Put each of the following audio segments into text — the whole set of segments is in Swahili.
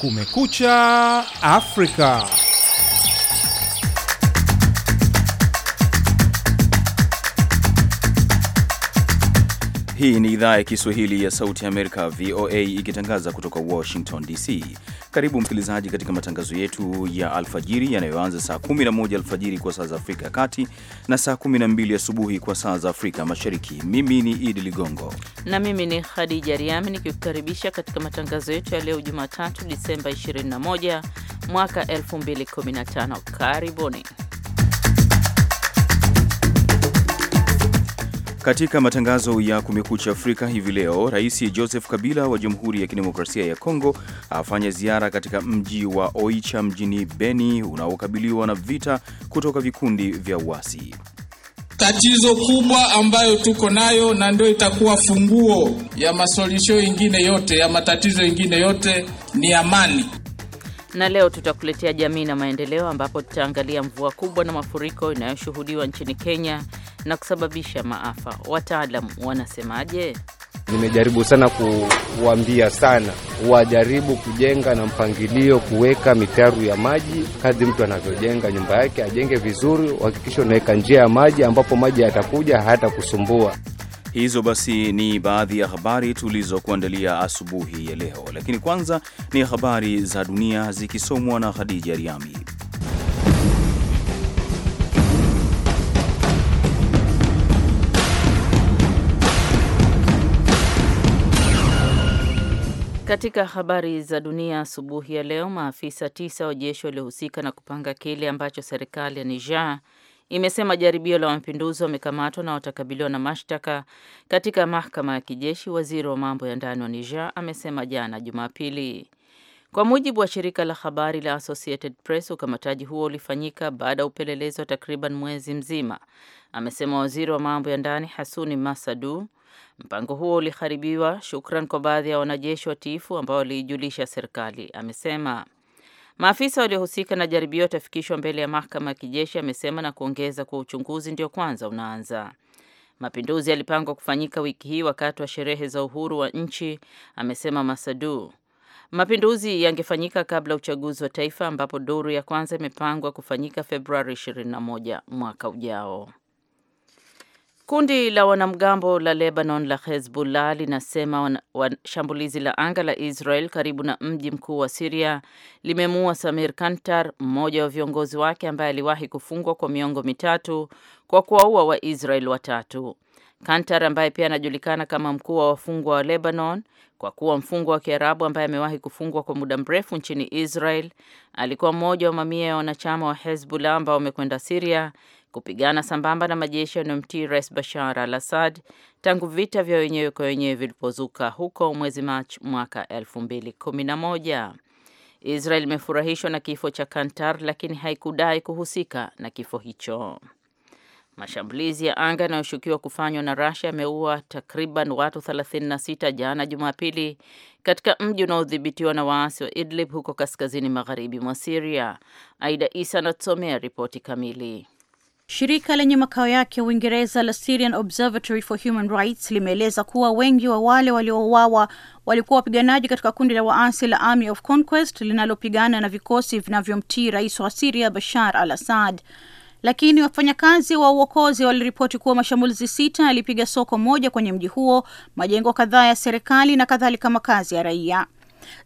Kumekucha Afrika. Hii ni idhaa ya Kiswahili ya Sauti ya Amerika, VOA, ikitangaza kutoka Washington DC. Karibu msikilizaji, katika matangazo yetu ya alfajiri yanayoanza saa 11 alfajiri kwa saa za Afrika ya Kati na saa 12 asubuhi kwa saa za Afrika Mashariki. Mimi ni Idi Ligongo na mimi ni Khadija Riami nikikukaribisha katika matangazo yetu ya leo Jumatatu, Disemba 21 mwaka 2015. Karibuni. Katika matangazo ya Kumekucha Afrika hivi leo, Rais Joseph Kabila wa Jamhuri ya Kidemokrasia ya Kongo afanya ziara katika mji wa Oicha mjini Beni unaokabiliwa na vita kutoka vikundi vya uasi. Tatizo kubwa ambayo tuko nayo na ndio itakuwa funguo ya masolisho ingine yote ya matatizo ingine yote ni amani. Na leo tutakuletea jamii na maendeleo, ambapo tutaangalia mvua kubwa na mafuriko inayoshuhudiwa nchini Kenya na kusababisha maafa. Wataalam wanasemaje? Nimejaribu sana kuwambia sana wajaribu kujenga na mpangilio, kuweka mitaru ya maji kadri mtu anavyojenga nyumba yake ajenge vizuri, uhakikisha unaweka njia ya maji ambapo maji yatakuja hata kusumbua. Hizo basi ni baadhi ya habari tulizokuandalia asubuhi ya leo, lakini kwanza ni habari za dunia zikisomwa na Khadija Riami. Katika habari za dunia asubuhi ya leo, maafisa tisa wa jeshi waliohusika na kupanga kile ambacho serikali ya Niger imesema jaribio la mapinduzi wamekamatwa na watakabiliwa na mashtaka katika mahakama ya kijeshi. Waziri wa mambo ya ndani wa Niger amesema jana Jumapili, kwa mujibu wa shirika la habari la Associated Press. Ukamataji huo ulifanyika baada ya upelelezi wa takriban mwezi mzima, amesema waziri wa mambo ya ndani Hasuni Masadu Mpango huo uliharibiwa shukran kwa baadhi ya wanajeshi watiifu ambao waliijulisha serikali, amesema. Maafisa waliohusika na jaribio watafikishwa mbele ya mahakama ya kijeshi, amesema na kuongeza kuwa uchunguzi ndio kwanza unaanza. Mapinduzi yalipangwa kufanyika wiki hii wakati wa sherehe za uhuru wa nchi, amesema Masadu. Mapinduzi yangefanyika kabla uchaguzi wa taifa ambapo duru ya kwanza imepangwa kufanyika Februari 21 mwaka ujao. Kundi la wanamgambo la Lebanon la Hezbollah linasema shambulizi la anga la Israel karibu na mji mkuu wa Siria limemuua Samir Kantar, mmoja wa viongozi wake ambaye aliwahi kufungwa kwa miongo mitatu kwa kuwaua Waisrael watatu. Kantar ambaye pia anajulikana kama mkuu wa wafungwa wa Lebanon kwa kuwa mfungwa wa Kiarabu ambaye amewahi kufungwa kwa muda mrefu nchini Israel, alikuwa mmoja wa mamia ya wanachama wa Hezbollah ambao wamekwenda Siria kupigana sambamba na majeshi yanayomtii Rais Bashar al Assad tangu vita vya wenyewe kwa wenyewe vilipozuka huko mwezi Machi mwaka 2011. Israel imefurahishwa na kifo cha Kantar lakini haikudai kuhusika na kifo hicho. Mashambulizi ya anga yanayoshukiwa kufanywa na Russia yameua takriban watu 36 jana Jumapili katika mji unaodhibitiwa na waasi wa Idlib huko kaskazini magharibi mwa siria Aida Isa anatusomea ripoti kamili. Shirika lenye makao yake Uingereza la Syrian Observatory for Human Rights limeeleza kuwa wengi wa wale waliouawa walikuwa wapiganaji katika kundi la waasi la Army of Conquest linalopigana na vikosi vinavyomtii rais wa Siria Bashar al Assad. Lakini wafanyakazi wa uokozi waliripoti kuwa mashambulizi sita yalipiga soko moja kwenye mji huo, majengo kadhaa ya serikali na kadhalika makazi ya raia.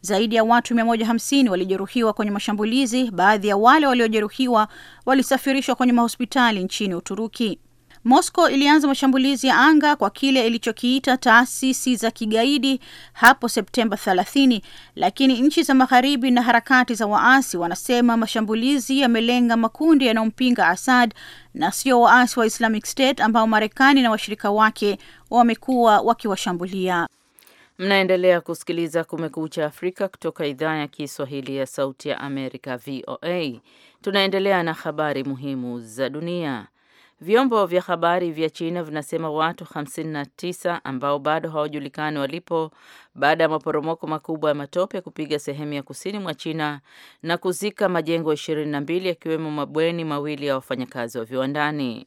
Zaidi ya watu 150 walijeruhiwa kwenye mashambulizi. Baadhi ya wale waliojeruhiwa walisafirishwa kwenye mahospitali nchini Uturuki. Moscow ilianza mashambulizi ya anga kwa kile ilichokiita taasisi za kigaidi hapo Septemba 30, lakini nchi za magharibi na harakati za waasi wanasema mashambulizi yamelenga makundi yanayompinga Assad na sio waasi wa Islamic State ambao Marekani na washirika wake wamekuwa wakiwashambulia. Mnaendelea kusikiliza Kumekucha Afrika kutoka idhaa ya Kiswahili ya Sauti ya Amerika, VOA. Tunaendelea na habari muhimu za dunia. Vyombo vya habari vya China vinasema watu 59 ambao bado hawajulikani walipo baada ya maporomoko makubwa ya matope kupiga sehemu ya kusini mwa China na kuzika majengo 22 yakiwemo mabweni mawili ya wafanyakazi wa viwandani.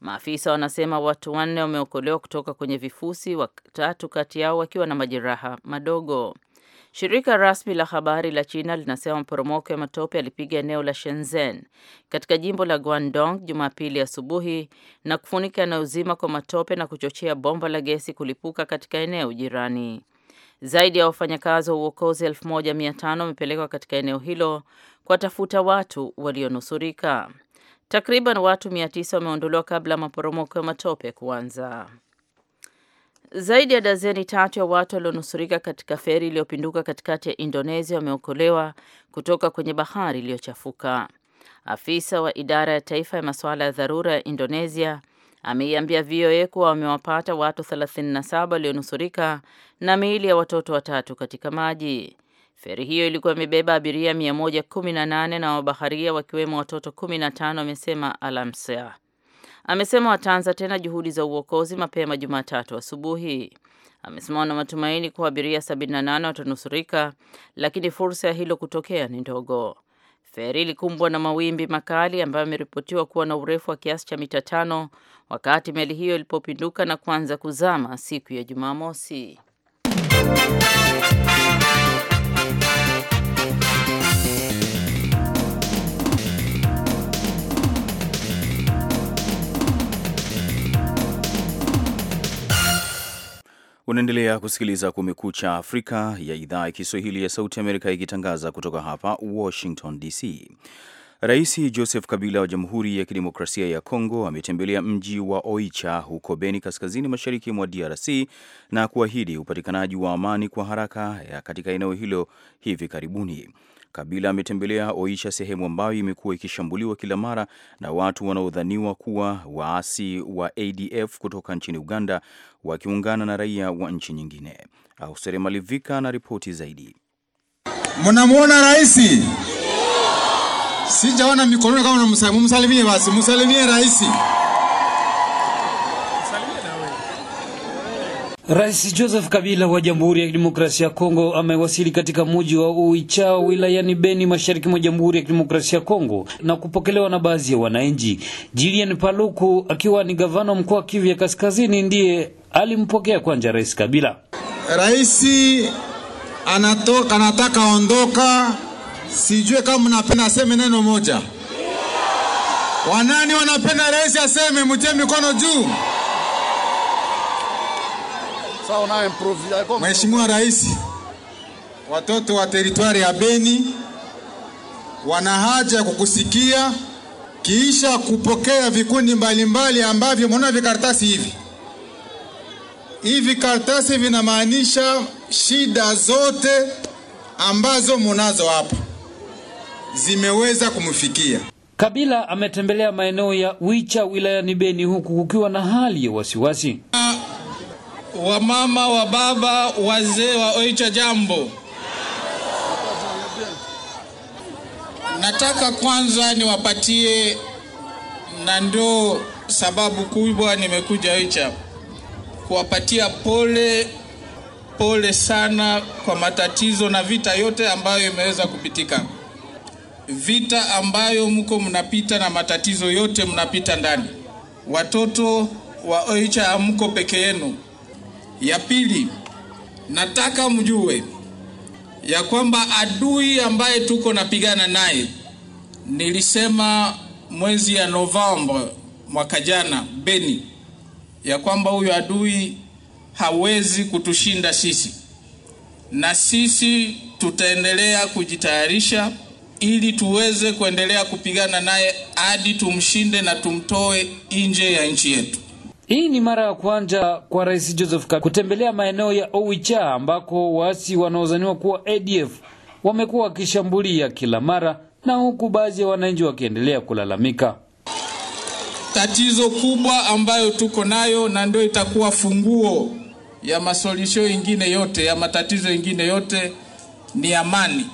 Maafisa wanasema watu wanne wameokolewa kutoka kwenye vifusi, watatu kati yao wakiwa na majeraha madogo. Shirika rasmi la habari la China linasema maporomoko ya matope yalipiga eneo la Shenzhen katika jimbo la Guangdong Jumapili asubuhi na kufunika yanayozima kwa matope na kuchochea bomba la gesi kulipuka katika eneo jirani. Zaidi ya wafanyakazi wa uokozi 1500 wamepelekwa katika eneo hilo tafuta watu walionusurika. Takriban watu 900 wameondolewa kabla ya maporomoko ya matope kuanza. Zaidi ya dazeni tatu ya watu walionusurika katika feri iliyopinduka katikati ya Indonesia wameokolewa kutoka kwenye bahari iliyochafuka. Afisa wa idara ya taifa ya masuala ya dharura ya Indonesia ameiambia VOA kuwa wamewapata watu 37 walionusurika na miili ya watoto watatu katika maji. Feri hiyo ilikuwa imebeba abiria 118 na wabaharia wakiwemo watoto 15, amesema Alamsea. Amesema wataanza tena juhudi za uokozi mapema Jumatatu asubuhi. Amesema wana matumaini kuwa abiria 78 watanusurika, lakini fursa ya hilo kutokea ni ndogo. Feri ilikumbwa na mawimbi makali ambayo ameripotiwa kuwa na urefu wa kiasi cha mita tano wakati meli hiyo ilipopinduka na kuanza kuzama siku ya Jumamosi. Unaendelea kusikiliza Kumekucha Afrika ya idhaa ya Kiswahili ya Sauti Amerika ikitangaza kutoka hapa Washington DC. Rais Joseph Kabila wa Jamhuri ya Kidemokrasia ya Kongo ametembelea mji wa Oicha huko Beni, kaskazini mashariki mwa DRC na kuahidi upatikanaji wa amani kwa haraka katika eneo hilo hivi karibuni. Kabila ametembelea Oisha, sehemu ambayo imekuwa ikishambuliwa kila mara na watu wanaodhaniwa kuwa waasi wa ADF kutoka nchini Uganda wakiungana na raia wa nchi nyingine. Ausere Malivika na ripoti zaidi. Mnamwona raisi? Sijaona mikononi kama mumsalimie, basi msalimie raisi. Rais Joseph Kabila wa Jamhuri ya Kidemokrasia ya Kongo amewasili katika mji wa Uichao wilayani Beni mashariki mwa Jamhuri ya Kidemokrasia ya Kongo na kupokelewa na baadhi ya wananchi. Julian Paluku akiwa ni gavana mkoa wa Kivu ya Kaskazini ndiye alimpokea kwanza Rais Kabila. Rais anatoka anataka ondoka, sijue kama mnapenda aseme neno moja. Wanani wanapenda rais aseme, mtie mikono juu. Mheshimiwa Rais, watoto wa teritwari ya Beni wana haja ya kukusikia kiisha kupokea vikundi mbalimbali ambavyo mnaona vikaratasi hivi. Hivi karatasi vinamaanisha shida zote ambazo munazo hapa zimeweza kumfikia. Kabila ametembelea maeneo ya Wicha wilayani Beni huku kukiwa na hali ya wasiwasi wamama, wa baba, wazee wa Oicha, jambo. Nataka kwanza niwapatie, na ndo sababu kubwa nimekuja Oicha, kuwapatia pole pole sana kwa matatizo na vita yote ambayo imeweza kupitika, vita ambayo mko mnapita na matatizo yote mnapita ndani. Watoto wa Oicha hamko peke yenu. Ya pili, nataka mjue ya kwamba adui ambaye tuko napigana naye, nilisema mwezi ya Novemba mwaka jana Beni ya kwamba huyo adui hawezi kutushinda sisi, na sisi tutaendelea kujitayarisha ili tuweze kuendelea kupigana naye hadi tumshinde na tumtoe nje ya nchi yetu. Hii ni mara ya kwanza kwa Rais Joseph Kabila kutembelea maeneo ya Owicha ambako waasi wanaozaniwa kuwa ADF wamekuwa wakishambulia kila mara, na huku baadhi ya wananchi wakiendelea kulalamika. Tatizo kubwa ambayo tuko nayo na ndio itakuwa funguo ya masolisho ingine yote ya matatizo ingine yote ni amani,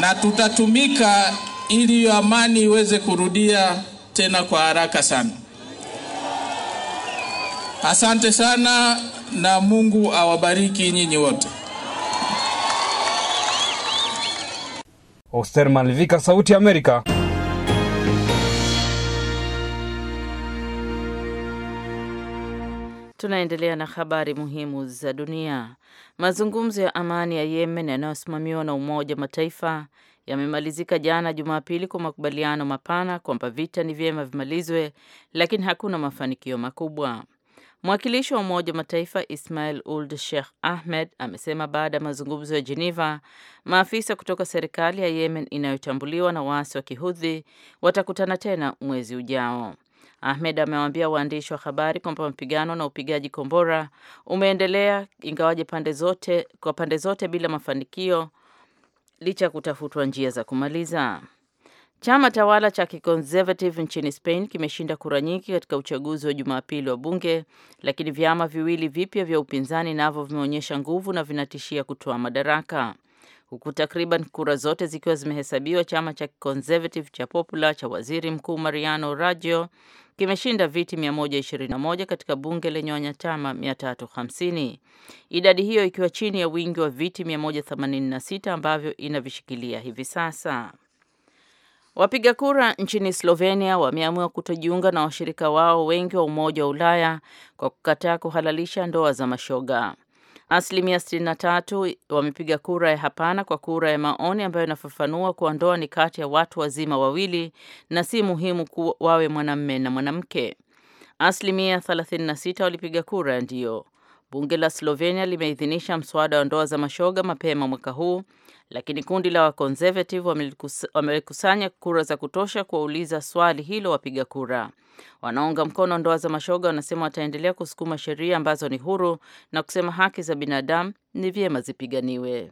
na tutatumika ili hiyo amani iweze kurudia tena kwa haraka sana. Asante sana na Mungu awabariki nyinyi wote. Oster Malivika, Sauti ya Amerika. Tunaendelea na habari muhimu za dunia. Mazungumzo ya amani ya Yemen yanayosimamiwa na Umoja wa Mataifa yamemalizika jana Jumapili kwa makubaliano mapana kwamba vita ni vyema vimalizwe, lakini hakuna mafanikio makubwa. Mwakilishi wa Umoja wa Mataifa Ismail uld Sheikh Ahmed amesema baada ya mazungumzo ya Geneva, maafisa kutoka serikali ya Yemen inayotambuliwa na waasi wa Kihudhi watakutana tena mwezi ujao. Ahmed amewaambia waandishi wa habari kwamba mapigano na upigaji kombora umeendelea ingawaje pande zote, kwa pande zote bila mafanikio licha ya kutafutwa njia za kumaliza Chama tawala cha kiconservative nchini Spain kimeshinda kura nyingi katika uchaguzi wa Jumapili wa bunge, lakini vyama viwili vipya vya upinzani navyo vimeonyesha nguvu na vinatishia kutoa madaraka. Huku takriban kura zote zikiwa zimehesabiwa, chama cha Conservative cha Popular cha waziri mkuu Mariano Rajoy kimeshinda viti 121 katika bunge lenye wanachama 350, idadi hiyo ikiwa chini ya wingi wa viti 186 ambavyo inavishikilia hivi sasa. Wapiga kura nchini Slovenia wameamua kutojiunga na washirika wao wengi wa Umoja wa Ulaya kwa kukataa kuhalalisha ndoa za mashoga. Asilimia 63 wamepiga kura ya hapana kwa kura ya maoni ambayo inafafanua kuwa ndoa ni kati ya watu wazima wawili na si muhimu kuwa wawe mwanamme na mwanamke. Asilimia 36 walipiga kura ya ndio. Bunge la Slovenia limeidhinisha mswada wa ndoa za mashoga mapema mwaka huu lakini kundi la wakonservative wamekusanya kura za kutosha kuwauliza swali hilo wapiga kura. Wanaunga mkono ndoa za mashoga wanasema wataendelea kusukuma sheria ambazo ni huru na kusema haki za binadamu ni vyema zipiganiwe.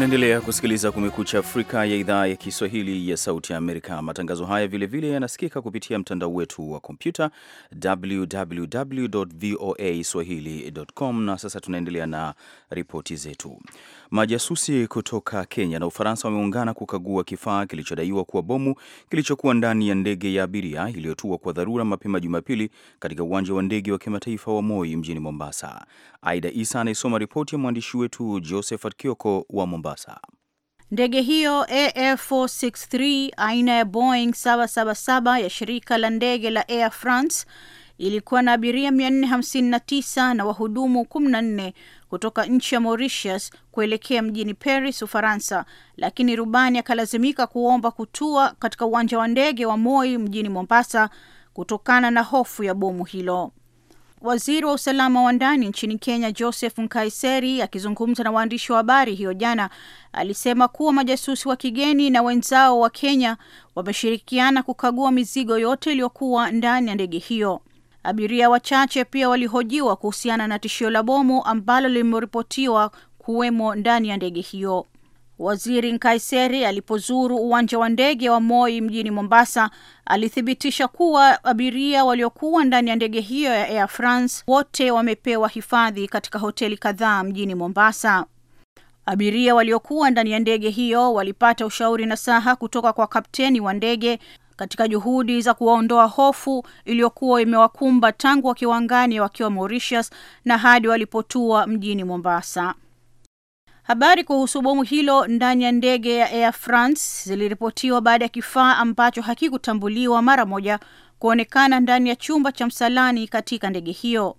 Unaendelea kusikiliza Kumekucha Afrika ya idhaa ya Kiswahili ya Sauti ya Amerika. Matangazo haya vilevile yanasikika kupitia mtandao wetu wa kompyuta www voa swahili.com. Na sasa tunaendelea na ripoti zetu. Majasusi kutoka Kenya na Ufaransa wameungana kukagua kifaa kilichodaiwa kuwa bomu kilichokuwa ndani ya ndege ya abiria iliyotua kwa dharura mapema Jumapili katika uwanja wa ndege wa kimataifa wa Moi mjini Mombasa. Aida Isa anayesoma ripoti ya mwandishi wetu Josephat Kioko wa Mombasa. Mombasa. Ndege hiyo AF463 aina ya Boeing 777 ya shirika la ndege la Air France ilikuwa na abiria 459 na wahudumu 14 kutoka nchi ya Mauritius kuelekea mjini Paris, Ufaransa, lakini rubani akalazimika kuomba kutua katika uwanja wa ndege wa Moi mjini Mombasa kutokana na hofu ya bomu hilo. Waziri wa usalama wa ndani nchini Kenya Joseph Nkaiseri akizungumza na waandishi wa habari hiyo jana alisema kuwa majasusi wa kigeni na wenzao wa Kenya wameshirikiana kukagua mizigo yote iliyokuwa ndani ya ndege hiyo. Abiria wachache pia walihojiwa kuhusiana na tishio la bomu ambalo limeripotiwa kuwemo ndani ya ndege hiyo. Waziri Nkaiseri alipozuru uwanja wa ndege wa Moi mjini Mombasa alithibitisha kuwa abiria waliokuwa ndani ya ndege hiyo ya Air France wote wamepewa hifadhi katika hoteli kadhaa mjini Mombasa. Abiria waliokuwa ndani ya ndege hiyo walipata ushauri na saha kutoka kwa kapteni wa ndege katika juhudi za kuwaondoa hofu iliyokuwa imewakumba tangu wakiwa angani wakiwa Mauritius na hadi walipotua mjini Mombasa. Habari kuhusu bomu hilo ndani ya ndege ya Air France ziliripotiwa baada ya kifaa ambacho hakikutambuliwa mara moja kuonekana ndani ya chumba cha msalani katika ndege hiyo.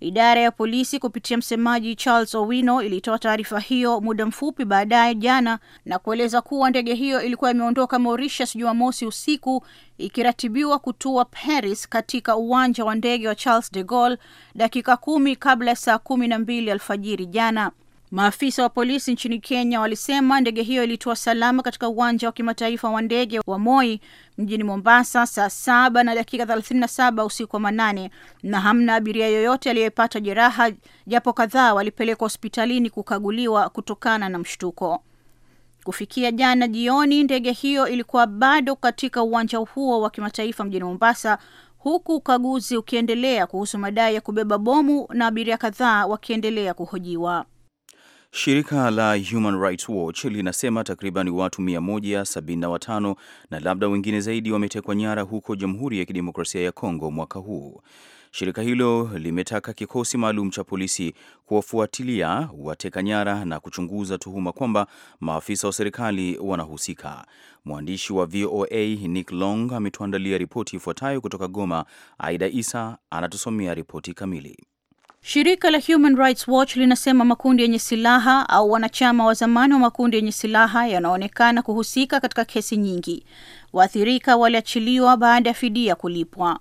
Idara ya polisi kupitia msemaji Charles Owino ilitoa taarifa hiyo muda mfupi baadaye jana na kueleza kuwa ndege hiyo ilikuwa imeondoka Mauritius Jumamosi usiku ikiratibiwa kutua Paris katika uwanja wa ndege wa Charles de Gaulle dakika kumi kabla ya saa kumi na mbili alfajiri jana. Maafisa wa polisi nchini Kenya walisema ndege hiyo ilitua salama katika uwanja wa kimataifa wa ndege wa Moi mjini Mombasa saa saba na dakika 37 usiku wa manane, na hamna abiria yoyote aliyepata jeraha, japo kadhaa walipelekwa hospitalini kukaguliwa kutokana na mshtuko. Kufikia jana jioni, ndege hiyo ilikuwa bado katika uwanja huo wa kimataifa mjini Mombasa, huku ukaguzi ukiendelea kuhusu madai ya kubeba bomu na abiria kadhaa wakiendelea kuhojiwa. Shirika la Human Rights Watch linasema takriban watu 175 na labda wengine zaidi wametekwa nyara huko Jamhuri ya Kidemokrasia ya Kongo mwaka huu. Shirika hilo limetaka kikosi maalum cha polisi kuwafuatilia wateka nyara na kuchunguza tuhuma kwamba maafisa wa serikali wanahusika. Mwandishi wa VOA Nick Long ametuandalia ripoti ifuatayo kutoka Goma. Aida Isa anatusomea ripoti kamili. Shirika la Human Rights Watch linasema makundi yenye silaha au wanachama wa zamani wa makundi yenye silaha yanaonekana kuhusika katika kesi nyingi. Waathirika waliachiliwa baada ya fidia kulipwa.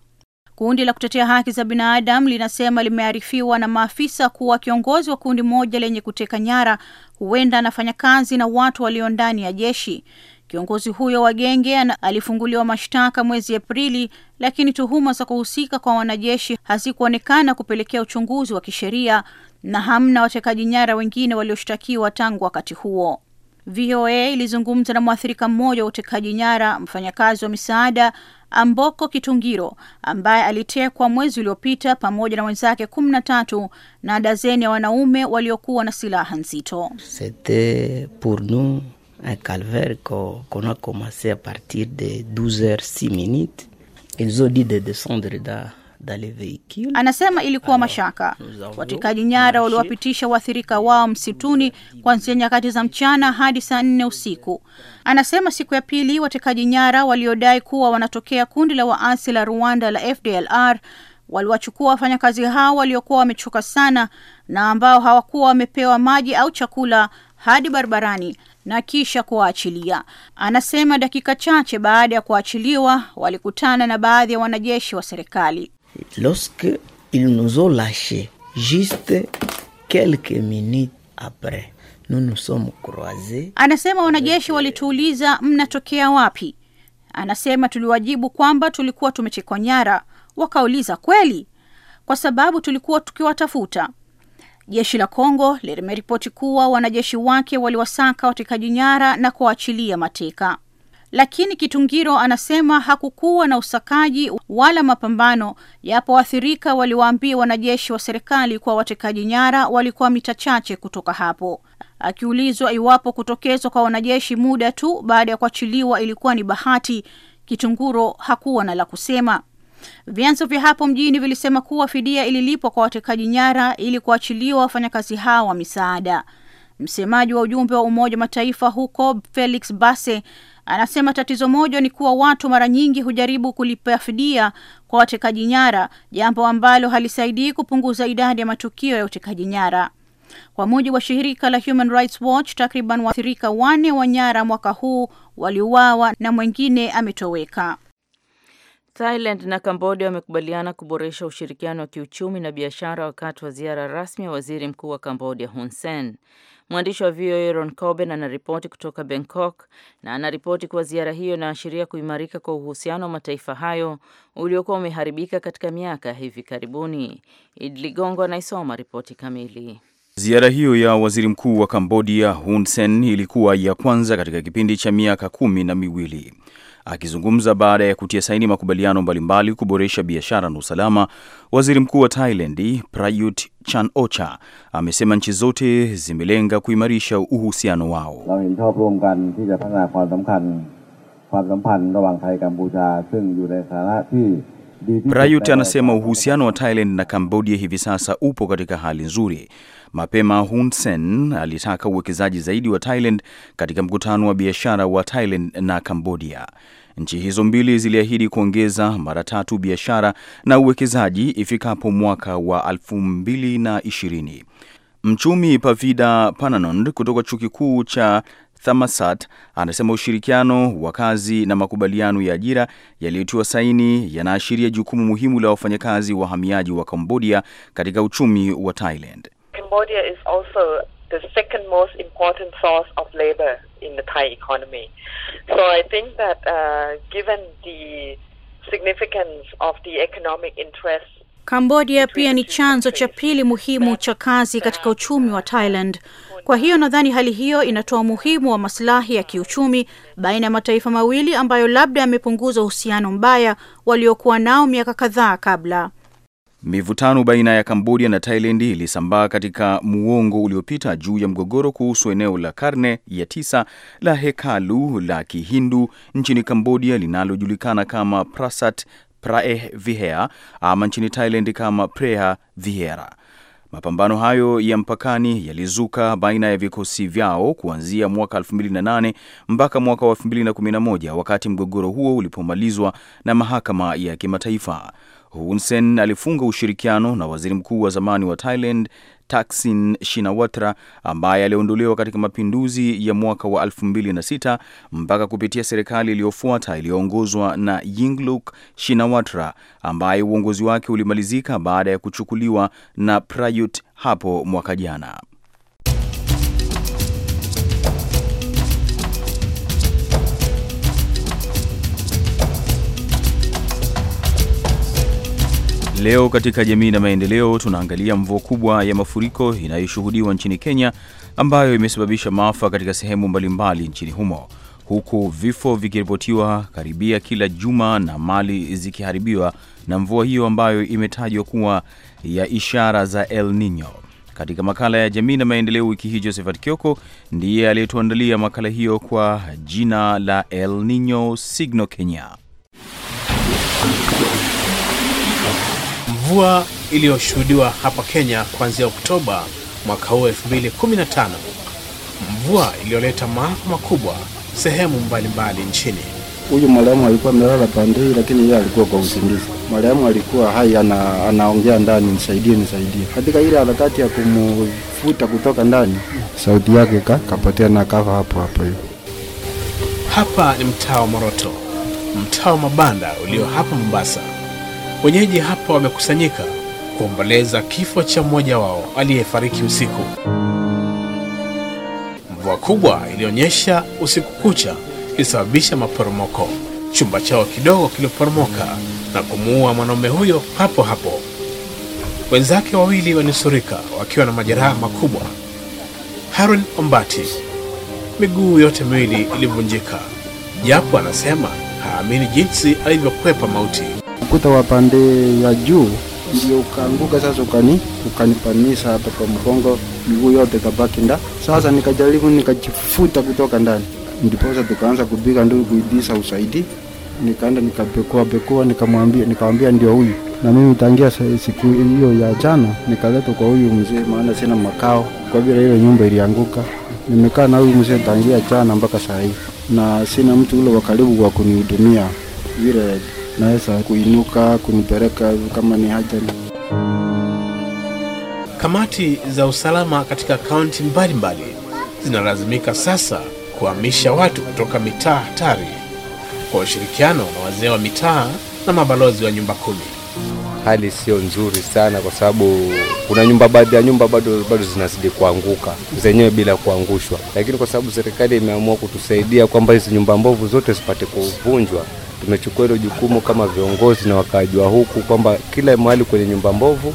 Kundi la kutetea haki za binadamu linasema limearifiwa na maafisa kuwa kiongozi wa kundi moja lenye kuteka nyara huenda anafanya kazi na watu walio ndani ya jeshi. Kiongozi huyo wa genge alifunguliwa mashtaka mwezi Aprili, lakini tuhuma za kuhusika kwa wanajeshi hazikuonekana kupelekea uchunguzi wa kisheria na hamna watekaji nyara wengine walioshtakiwa tangu wakati huo. VOA ilizungumza na mwathirika mmoja wa utekaji nyara, mfanyakazi wa misaada Amboko Kitungiro, ambaye alitekwa mwezi uliopita pamoja na wenzake kumi na tatu na dazeni ya wanaume waliokuwa na silaha nzito un calvaire qu'on a commencé à partir de 12 h 06 minutes. Ils ont dit de descendre dans Anasema ilikuwa mashaka. Watekaji nyara waliwapitisha waathirika wao msituni kuanzia nyakati za mchana hadi saa nne usiku. Anasema siku ya pili watekaji nyara waliodai kuwa wanatokea kundi la waasi la Rwanda la FDLR waliwachukua wafanyakazi hao waliokuwa wamechoka sana na ambao hawakuwa wamepewa maji au chakula hadi barabarani na kisha kuwaachilia. Anasema dakika chache baada ya kuachiliwa walikutana na baadhi ya wanajeshi wa serikali. Lorsque il nous ont lache juste quelques minutes apres nous nous sommes croises. Anasema wanajeshi walituuliza mnatokea wapi? Anasema tuliwajibu kwamba tulikuwa tumechekwa nyara. Wakauliza kweli? Kwa sababu tulikuwa tukiwatafuta. Jeshi la Kongo limeripoti kuwa wanajeshi wake waliwasaka watekaji nyara na kuwaachilia mateka, lakini Kitungiro anasema hakukuwa na usakaji wala mapambano, yapo waathirika waliwaambia wanajeshi wa serikali kuwa watekaji nyara walikuwa mita chache kutoka hapo. Akiulizwa iwapo kutokezwa kwa wanajeshi muda tu baada ya kuachiliwa ilikuwa ni bahati, Kitunguro hakuwa na la kusema. Vyanzo vya hapo mjini vilisema kuwa fidia ililipwa kwa watekaji nyara ili kuachiliwa wafanyakazi hao wa misaada. Msemaji wa ujumbe wa Umoja Mataifa huko Felix Base anasema tatizo moja ni kuwa watu mara nyingi hujaribu kulipa fidia kwa watekaji nyara, jambo ambalo halisaidii kupunguza idadi ya matukio ya utekaji nyara. Kwa mujibu wa shirika la Human Rights Watch, takriban waathirika wane wa nyara mwaka huu waliuawa na mwengine ametoweka. Thailand na Kambodia wamekubaliana kuboresha ushirikiano wa kiuchumi na biashara wakati wa ziara rasmi ya Waziri Mkuu wa Kambodia Hun Sen. Mwandishi wa VOA Ron Coben anaripoti kutoka Bangkok na anaripoti kuwa ziara hiyo inaashiria kuimarika kwa uhusiano wa mataifa hayo uliokuwa umeharibika katika miaka ya hivi karibuni. id Ligongo anaisoma ripoti kamili. Ziara hiyo ya waziri mkuu wa Kambodia Hun Sen ilikuwa ya kwanza katika kipindi cha miaka kumi na miwili. Akizungumza baada ya kutia saini makubaliano mbalimbali kuboresha biashara na usalama, waziri mkuu wa Thailand Prayut Chan-ocha amesema nchi zote zimelenga kuimarisha uhusiano wao. Prayut anasema uhusiano wa Thailand na Cambodia hivi sasa upo katika hali nzuri Mapema Hun Sen alitaka uwekezaji zaidi wa Thailand katika mkutano wa biashara wa Thailand na Cambodia. Nchi hizo mbili ziliahidi kuongeza mara tatu biashara na uwekezaji ifikapo mwaka wa 2020. Mchumi Pavida Pananond kutoka chuo kikuu cha Thammasat anasema ushirikiano wa kazi na makubaliano ya ajira yaliyotiwa saini yanaashiria jukumu muhimu la wafanyakazi wahamiaji wa Kambodia katika uchumi wa Thailand. Cambodia is also the second most important source of labor in the Thai economy. So I think that uh, given the significance of the economic interests. Cambodia pia ni chanzo cha pili muhimu cha kazi katika uchumi wa uh, Thailand. Kwa hiyo nadhani hali hiyo inatoa umuhimu wa maslahi ya kiuchumi baina ya mataifa mawili ambayo labda yamepunguza uhusiano mbaya waliokuwa nao miaka kadhaa kabla. Mivutano baina ya Kambodia na Thailand ilisambaa katika muongo uliopita juu ya mgogoro kuhusu eneo la karne ya tisa la hekalu la Kihindu nchini Kambodia linalojulikana kama Prasat Prae Vihea ama nchini Thailand kama Preha vihera Mapambano hayo ya mpakani yalizuka baina ya vikosi vyao kuanzia mwaka 2008 mpaka mwaka wa 2011 wakati mgogoro huo ulipomalizwa na mahakama ya kimataifa hunsen alifunga ushirikiano na waziri mkuu wa zamani wa Thailand Taksin Shinawatra ambaye aliondolewa katika mapinduzi ya mwaka wa 2006 mpaka kupitia serikali iliyofuata iliyoongozwa na Yingluck Shinawatra ambaye uongozi wake ulimalizika baada ya kuchukuliwa na Prayut hapo mwaka jana. Leo katika jamii na maendeleo tunaangalia mvua kubwa ya mafuriko inayoshuhudiwa nchini Kenya ambayo imesababisha maafa katika sehemu mbalimbali nchini humo huku vifo vikiripotiwa karibia kila juma na mali zikiharibiwa na mvua hiyo ambayo imetajwa kuwa ya ishara za El Nino. Katika makala ya jamii na maendeleo wiki hii, Josephat Kioko ndiye aliyetuandalia makala hiyo kwa jina la El Nino Signo Kenya. Mvua iliyoshuhudiwa hapa Kenya kuanzia Oktoba mwaka huu 2015, mvua iliyoleta maafa makubwa sehemu mbalimbali mbali nchini. Huyu marehemu alikuwa amelala pandei, lakini yeye alikuwa kwa usingizi. Marehemu alikuwa hai, ana, anaongea ndani, nisaidie, nisaidie. Katika ile harakati ya kumfuta kutoka ndani, sauti yake kapotea na kafa hapo hapo. Hiyo hapa ni mtaa wa Moroto, mtaa wa mabanda ulio hapa Mombasa wenyeji hapa wamekusanyika kuomboleza kifo cha mmoja wao aliyefariki usiku. Mvua kubwa ilionyesha usiku kucha ilisababisha maporomoko. Chumba chao kidogo kiliporomoka na kumuua mwanaume huyo hapo hapo. Wenzake wawili wanusurika wakiwa na majeraha makubwa. Harun Ombati miguu yote miwili ilivunjika, japo anasema haamini jinsi alivyokwepa mauti ukuta wa pande ya juu ndio ukaanguka sasa, ukani ukanipanisa hapa kwa mkongo, miguu yote kabaki nda. Sasa nikajaribu nikajifuta kutoka ndani, ndipo sasa tukaanza kupiga nduru kuidisa usaidi. Nikaenda nikapekua pekua, nikamwambia nikamwambia ndio huyu, na mimi tangia siku hiyo ya jana nikaletwa kwa huyu mzee, maana sina makao kwa vile ile nyumba ilianguka. Nimekaa na huyu mzee tangia jana mpaka saa hii, na sina mtu ule wa karibu wa kunihudumia vile naweza kuinuka kunipeleka hivyo kama ni haja Kamati za usalama katika kaunti mbalimbali zinalazimika sasa kuhamisha watu kutoka mitaa hatari kwa ushirikiano na wazee wa mitaa na mabalozi wa nyumba kumi. Hali sio nzuri sana, kwa sababu kuna nyumba, baadhi ya nyumba bado bado zinazidi kuanguka zenyewe bila kuangushwa, lakini kwa sababu serikali imeamua kutusaidia kwamba hizi nyumba mbovu zote zipate kuvunjwa, tumechukua hilo jukumu kama viongozi na wakaaji wa huku kwamba kila mahali kwenye nyumba mbovu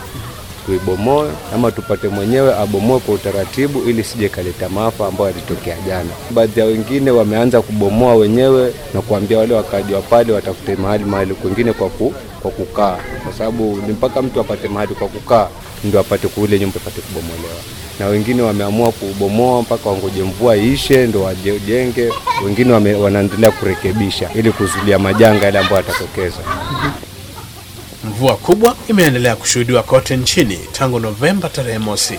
tuibomoe ama tupate mwenyewe abomoe kwa utaratibu, ili sije kaleta maafa ambayo yalitokea jana. Baadhi ya wengine wameanza kubomoa wenyewe na kuambia wale wakaaji wa pale watafute mahali mahali kwingine kwa ku kwa kukaa, kwa sababu ni mpaka mtu apate mahali kwa kukaa ndio apate kuule nyumba apate kubomolewa. Na wengine wameamua kubomoa mpaka wangoje mvua iishe ndo wajenge, wengine wame, wanaendelea kurekebisha ili kuzulia majanga yale ambayo yatatokeza. Mvua kubwa imeendelea kushuhudiwa kote nchini tangu Novemba tarehe mosi.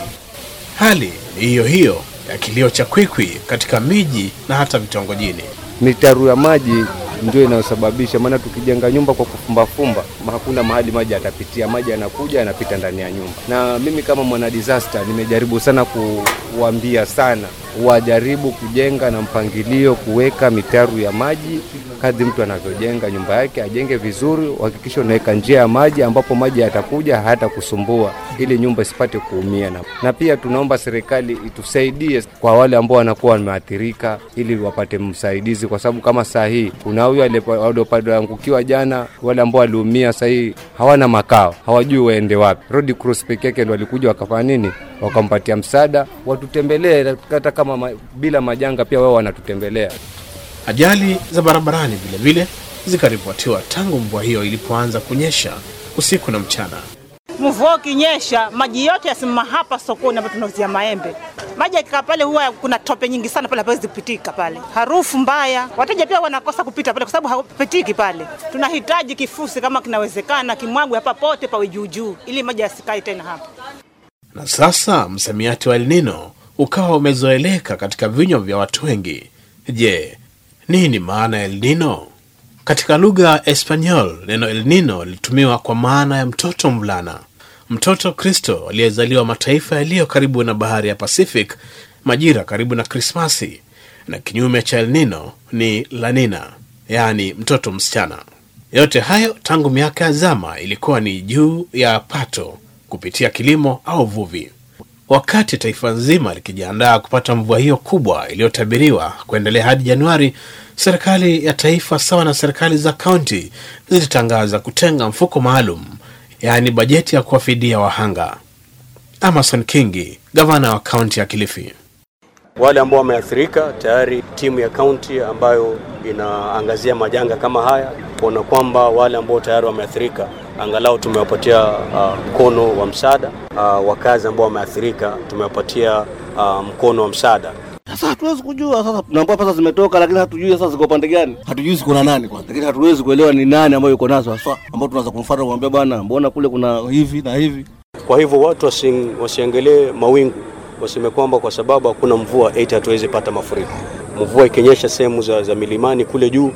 Hali hiyo hiyo ya kilio cha kwikwi katika miji na hata vitongojini. Mitaru ya maji ndio inayosababisha. Maana tukijenga nyumba kwa kufumbafumba, hakuna mahali maji atapitia, maji yanakuja yanapita ndani ya nyumba. Na mimi kama mwana disaster nimejaribu sana kuwaambia sana wajaribu kujenga na mpangilio, kuweka mitaru ya maji kadri mtu anavyojenga nyumba yake, ajenge vizuri, uhakikisha unaweka njia ya maji ambapo maji yatakuja hata kusumbua, ili nyumba isipate kuumia. Na pia tunaomba serikali itusaidie kwa wale ambao wanakuwa wameathirika, ili wapate msaidizi, kwa sababu kama saa hii kuna huyo waliopaangukiwa jana, wale ambao waliumia sahii hawana makao, hawajui waende wapi. Red Cross peke yake ndio walikuja wakafanya nini, wakampatia msaada, watutembelee hata kama ma, bila majanga, pia wao wanatutembelea. Ajali za barabarani vilevile zikaripotiwa tangu mvua hiyo ilipoanza kunyesha usiku na mchana mvua ukinyesha maji yote yasimama hapa sokoni ambapo tunauzia maembe. Maji yakikaa pale huwa kuna tope nyingi sana pale, hapawezi kupitika pale, harufu mbaya, wateja pia wanakosa kupita pale kwa sababu hapitiki pale. Tunahitaji kifusi kama kinawezekana, kimwagwe hapa pote pawe juu juu, ili maji yasikae tena hapa. Na sasa msamiati wa El Nino ukawa umezoeleka katika vinywa vya watu wengi. Je, nini maana ya El Nino? Katika lugha ya Espanyol neno El Nino lilitumiwa kwa maana ya mtoto mvulana mtoto Kristo aliyezaliwa mataifa yaliyo karibu na bahari ya Pacific, majira karibu na Krismasi, na kinyume cha elnino ni lanina yaani mtoto msichana. Yote hayo tangu miaka ya zama ilikuwa ni juu ya pato kupitia kilimo au vuvi Wakati taifa nzima likijiandaa kupata mvua hiyo kubwa iliyotabiriwa kuendelea hadi Januari, serikali ya taifa sawa na serikali za kaunti zilitangaza kutenga mfuko maalum yaani bajeti ya kuwafidia wahanga. Amason Kingi, gavana wa kaunti ya Kilifi. Wale ambao wameathirika tayari, timu ya kaunti ambayo inaangazia majanga kama haya, kuona kwamba wale ambao tayari wameathirika angalau tumewapatia uh, mkono wa msaada. Uh, wakazi ambao wameathirika tumewapatia uh, mkono wa msaada. Sasa hatuwezi kujua sasa, tunaambiwa pesa zimetoka, lakini hatujui sasa ziko pande gani, hatujui ziko na nani kwanza, lakini hatuwezi kuelewa ni nani ambayo yuko nazo hasa, ambao tunaweza kumfuata kumwambia, bwana, mbona kule kuna hivi na hivi. Kwa hivyo watu wasiangalie mawingu, waseme kwamba kwa sababu hakuna mvua eti hatuwezi pata mafuriko. Mvua ikinyesha sehemu za, za milimani kule juu,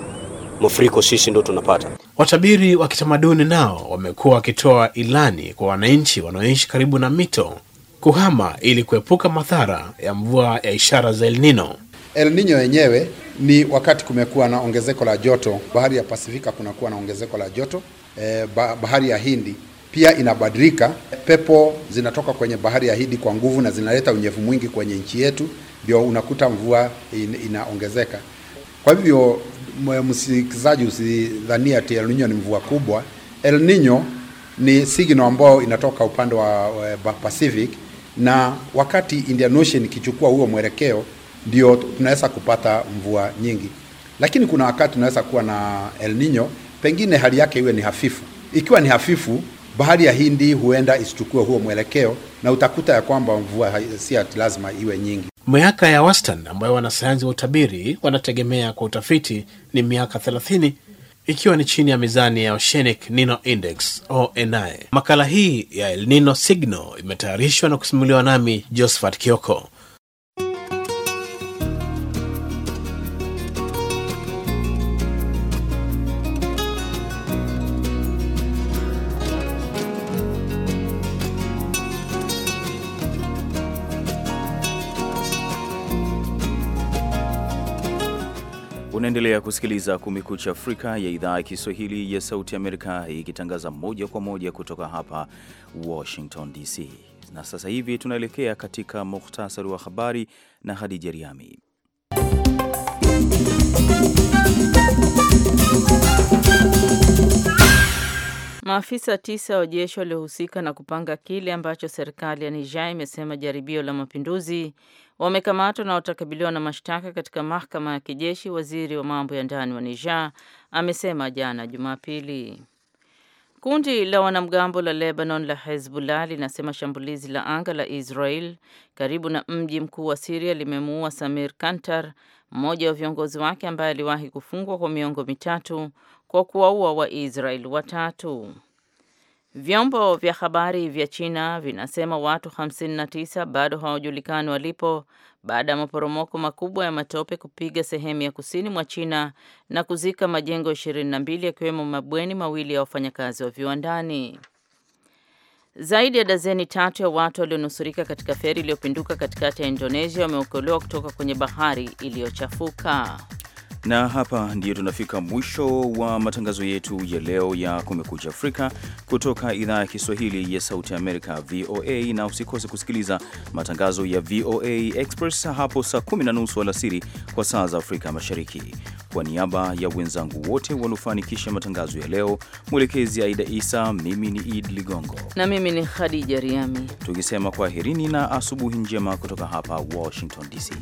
mafuriko sisi ndo tunapata. Watabiri wa kitamaduni nao wamekuwa wakitoa ilani kwa wananchi wanaoishi karibu na mito kuhama ili kuepuka madhara ya mvua ya ishara za elnino elnino yenyewe ni wakati kumekuwa na ongezeko la joto, bahari ya Pasifika kunakuwa na ongezeko la joto e, bahari ya Hindi pia inabadilika. Pepo zinatoka kwenye bahari ya Hindi kwa nguvu na zinaleta unyevu mwingi kwenye nchi yetu, ndio unakuta mvua in, inaongezeka. Kwa hivyo msikilizaji, usidhania ti elnino ni mvua kubwa. elnino ni signo ambayo inatoka upande wa Pacific na wakati Indian Ocean ikichukua huo mwelekeo ndio tunaweza kupata mvua nyingi, lakini kuna wakati tunaweza kuwa na El Nino, pengine hali yake iwe ni hafifu. Ikiwa ni hafifu, bahari ya Hindi huenda isichukue huo mwelekeo, na utakuta ya kwamba mvua si lazima iwe nyingi. Miaka ya wastani ambayo wanasayansi wa utabiri wanategemea kwa utafiti ni miaka thelathini ikiwa ni chini ya mizani ya Oceanic Nino Index ONI. Makala hii ya El Nino Signal imetayarishwa na kusimuliwa nami Josephat Kioko. Unaendelea kusikiliza Kumekucha Afrika ya idhaa ya Kiswahili ya Sauti Amerika ikitangaza moja kwa moja kutoka hapa Washington DC. Na sasa hivi tunaelekea katika muhtasari wa habari na Hadija Riami. Maafisa tisa wa jeshi waliohusika na kupanga kile ambacho serikali ya Niger imesema jaribio la mapinduzi wamekamatwa na watakabiliwa na mashtaka katika mahakama ya kijeshi. Waziri wa mambo ya ndani wa Niger amesema jana Jumapili. Kundi la wanamgambo la Lebanon la Hezbollah linasema shambulizi la anga la Israel karibu na mji mkuu wa Siria limemuua Samir Kantar, mmoja wa viongozi wake ambaye aliwahi kufungwa kwa miongo mitatu kwa kuwaua Waisrael watatu. Vyombo vya habari vya China vinasema watu 59 bado hawajulikani walipo baada ya maporomoko makubwa ya matope kupiga sehemu ya kusini mwa China na kuzika majengo 22 yakiwemo mabweni mawili ya wafanyakazi wa viwandani. Zaidi ya dazeni tatu ya watu walionusurika katika feri iliyopinduka katikati ya Indonesia wameokolewa kutoka kwenye bahari iliyochafuka. Na hapa ndiyo tunafika mwisho wa matangazo yetu ya leo ya Kumekucha Afrika kutoka idhaa ya Kiswahili ya Sauti Amerika, VOA. Na usikose kusikiliza matangazo ya VOA Express hapo saa kumi na nusu alasiri kwa saa za Afrika Mashariki. Kwa niaba ya wenzangu wote waliofanikisha matangazo ya leo, mwelekezi Aida Isa, mimi ni Id Ligongo na mimi ni Khadija Riami, tukisema kwaherini na asubuhi njema kutoka hapa Washington DC.